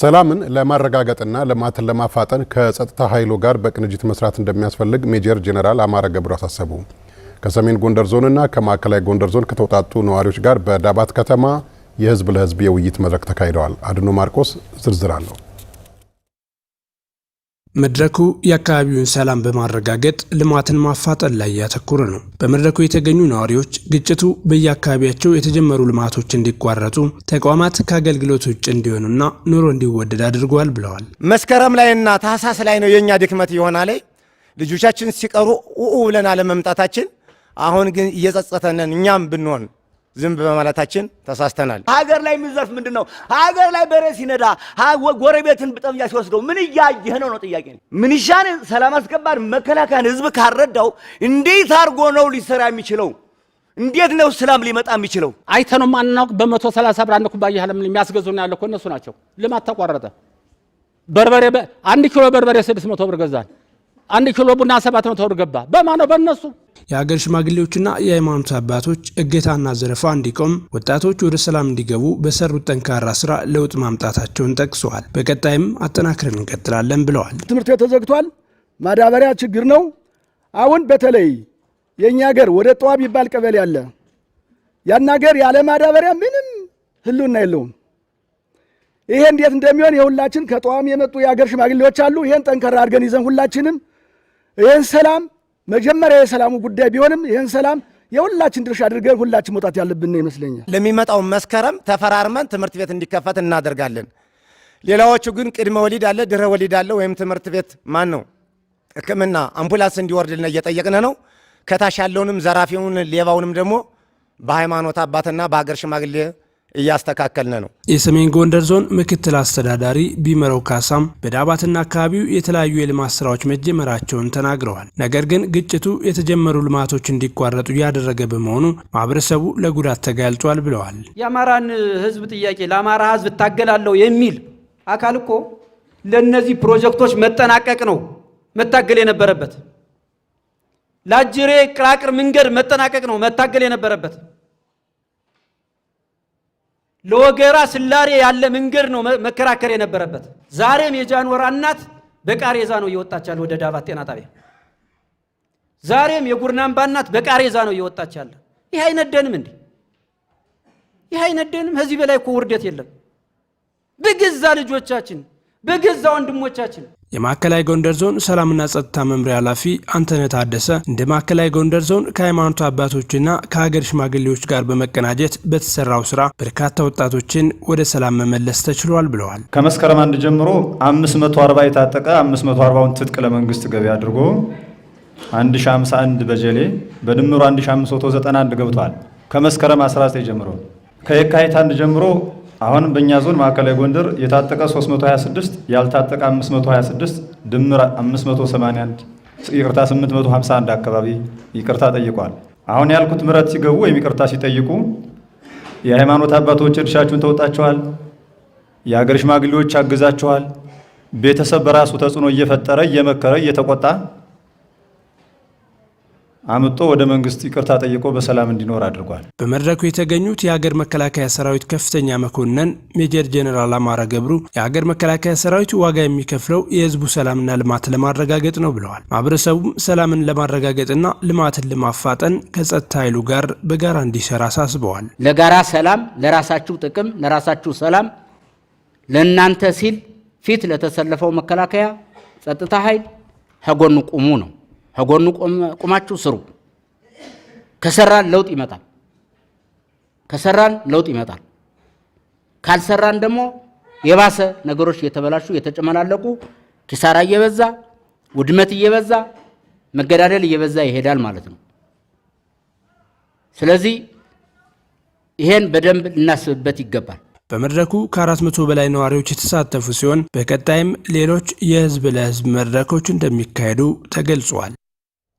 ሰላምን ለማረጋገጥና ልማትን ለማፋጠን ከጸጥታ ኃይሉ ጋር በቅንጅት መስራት እንደሚያስፈልግ ሜጀር ጄኔራል አማረ ገብሩ አሳሰቡ። ከሰሜን ጎንደር ዞንና ከማዕከላዊ ጎንደር ዞን ከተውጣጡ ነዋሪዎች ጋር በዳባት ከተማ የህዝብ ለህዝብ የውይይት መድረክ ተካሂደዋል። አድኖ ማርቆስ ዝርዝር አለው። መድረኩ የአካባቢውን ሰላም በማረጋገጥ ልማትን ማፋጠን ላይ ያተኮረ ነው። በመድረኩ የተገኙ ነዋሪዎች ግጭቱ በየአካባቢያቸው የተጀመሩ ልማቶች እንዲቋረጡ፣ ተቋማት ከአገልግሎት ውጭ እንዲሆኑና ኑሮ እንዲወደድ አድርጓል ብለዋል። መስከረም ላይና ታህሳስ ላይ ነው የእኛ ድክመት ይሆና ላይ ልጆቻችን ሲቀሩ ኡ ብለን አለመምጣታችን አሁን ግን እየጸጸተነን እኛም ብንሆን ዝም በማለታችን ተሳስተናል። ሀገር ላይ የሚዘርፍ ምንድን ነው? ሀገር ላይ በሬ ሲነዳ ጎረቤትን ብጠምጃ ሲወስደው ምን እያየህ ነው ነው ጥያቄ። ምንሻን ሰላም አስከባሪ መከላከያን ህዝብ ካረዳው እንዴት አድርጎ ነው ሊሰራ የሚችለው? እንዴት ነው ሰላም ሊመጣ የሚችለው? አይተነው ማናውቅ በመቶ ሰላሳ ብር አንድ ኩባያ ለምን የሚያስገዙ ያለ እነሱ ናቸው። ልማት ተቋረጠ። በርበሬ አንድ ኪሎ በርበሬ ስድስት መቶ ብር ገዛል። አንድ ኪሎ ቡና ሰባት መቶ ብር ገባ። በማነው በእነሱ የአገር ሽማግሌዎችና የሃይማኖት አባቶች እገታና ዘረፋ እንዲቆም ወጣቶች ወደ ሰላም እንዲገቡ በሰሩት ጠንካራ ስራ ለውጥ ማምጣታቸውን ጠቅሰዋል። በቀጣይም አጠናክረን እንቀጥላለን ብለዋል። ትምህርት ቤት ተዘግቷል። ማዳበሪያ ችግር ነው። አሁን በተለይ የእኛ ሀገር ወደ ጠዋ ቢባል ቀበሌ አለ። ያን ሀገር ያለ ማዳበሪያ ምንም ህልውና የለውም። ይሄ እንዴት እንደሚሆን የሁላችን ከጠዋም የመጡ የአገር ሽማግሌዎች አሉ። ይሄን ጠንካራ አድርገን ይዘን ሁላችንም ይህን ሰላም መጀመሪያ የሰላሙ ጉዳይ ቢሆንም ይህን ሰላም የሁላችን ድርሻ አድርገን ሁላችን መውጣት ያለብን ይመስለኛል። ለሚመጣው መስከረም ተፈራርመን ትምህርት ቤት እንዲከፈት እናደርጋለን። ሌላዎቹ ግን ቅድመ ወሊድ አለ፣ ድህረ ወሊድ አለ። ወይም ትምህርት ቤት ማን ነው ሕክምና አምቡላንስ እንዲወርድልን እየጠየቅን ነው። ከታች ያለውንም ዘራፊውን ሌባውንም ደግሞ በሃይማኖት አባትና በሀገር ሽማግሌ እያስተካከልን ነው። የሰሜን ጎንደር ዞን ምክትል አስተዳዳሪ ቢመረው ካሳም በዳባትና አካባቢው የተለያዩ የልማት ስራዎች መጀመራቸውን ተናግረዋል። ነገር ግን ግጭቱ የተጀመሩ ልማቶች እንዲቋረጡ እያደረገ በመሆኑ ማህበረሰቡ ለጉዳት ተጋልጧል ብለዋል። የአማራን ህዝብ ጥያቄ ለአማራ ህዝብ እታገላለሁ የሚል አካል እኮ ለእነዚህ ፕሮጀክቶች መጠናቀቅ ነው መታገል የነበረበት። ለአጅሬ ቅራቅር መንገድ መጠናቀቅ ነው መታገል የነበረበት። ለወገራ ስላሬ ያለ መንገድ ነው መከራከር የነበረበት። ዛሬም የጃንወራ እናት በቃሬዛ ነው እየወጣች ያለ ወደ ዳባት ጤና ጣቢያ። ዛሬም የጉርናምባ እናት በቃሬዛ ነው እየወጣች ያለ። ይህ አይነደንም እንዴ? ይህ አይነደንም? ከዚህ በላይ እኮ ውርደት የለም። በገዛ ልጆቻችን፣ በገዛ ወንድሞቻችን የማዕከላዊ ጎንደር ዞን ሰላምና ጸጥታ መምሪያ ኃላፊ አንተነ ታደሰ እንደ ማዕከላዊ ጎንደር ዞን ከሃይማኖት አባቶችና ከሀገር ሽማግሌዎች ጋር በመቀናጀት በተሰራው ስራ በርካታ ወጣቶችን ወደ ሰላም መመለስ ተችሏል ብለዋል። ከመስከረም አንድ ጀምሮ 540 የታጠቀ 540ውን ትጥቅ ለመንግስት ገቢ አድርጎ 1051 በጀሌ በድምሩ 1591 ገብቷል። ከመስከረም 19 ጀምሮ ከየካቲት አንድ ጀምሮ አሁንም በእኛ ዞን ማዕከላዊ ጎንደር የታጠቀ 326 ያልታጠቀ 526 ድምር 581 ይቅርታ 851 አካባቢ ይቅርታ ጠይቋል። አሁን ያልኩት ምረት ሲገቡ ወይም ይቅርታ ሲጠይቁ የሃይማኖት አባቶች ድርሻችሁን ተወጣችኋል፣ የሀገር ሽማግሌዎች አግዛችኋል፣ ቤተሰብ በራሱ ተጽዕኖ እየፈጠረ እየመከረ እየተቆጣ አምጦ ወደ መንግስት ይቅርታ ጠይቆ በሰላም እንዲኖር አድርጓል። በመድረኩ የተገኙት የሀገር መከላከያ ሰራዊት ከፍተኛ መኮንን ሜጀር ጄኔራል አማራ ገብሩ የሀገር መከላከያ ሰራዊት ዋጋ የሚከፍለው የህዝቡ ሰላምና ልማት ለማረጋገጥ ነው ብለዋል። ማህበረሰቡም ሰላምን ለማረጋገጥና ልማትን ለማፋጠን ከጸጥታ ኃይሉ ጋር በጋራ እንዲሰራ አሳስበዋል። ለጋራ ሰላም፣ ለራሳችሁ ጥቅም፣ ለራሳችሁ ሰላም፣ ለእናንተ ሲል ፊት ለተሰለፈው መከላከያ ጸጥታ ኃይል ከጎኑ ቁሙ ነው ከጎኑ ቁማችሁ ስሩ። ከሰራን ለውጥ ይመጣል። ከሰራን ለውጥ ይመጣል። ካልሰራን ደግሞ የባሰ ነገሮች እየተበላሹ እየተጨመላለቁ ኪሳራ እየበዛ ውድመት እየበዛ መገዳደል እየበዛ ይሄዳል ማለት ነው። ስለዚህ ይሄን በደንብ ልናስብበት ይገባል። በመድረኩ ከአራት መቶ በላይ ነዋሪዎች የተሳተፉ ሲሆን በቀጣይም ሌሎች የህዝብ ለህዝብ መድረኮች እንደሚካሄዱ ተገልጿል።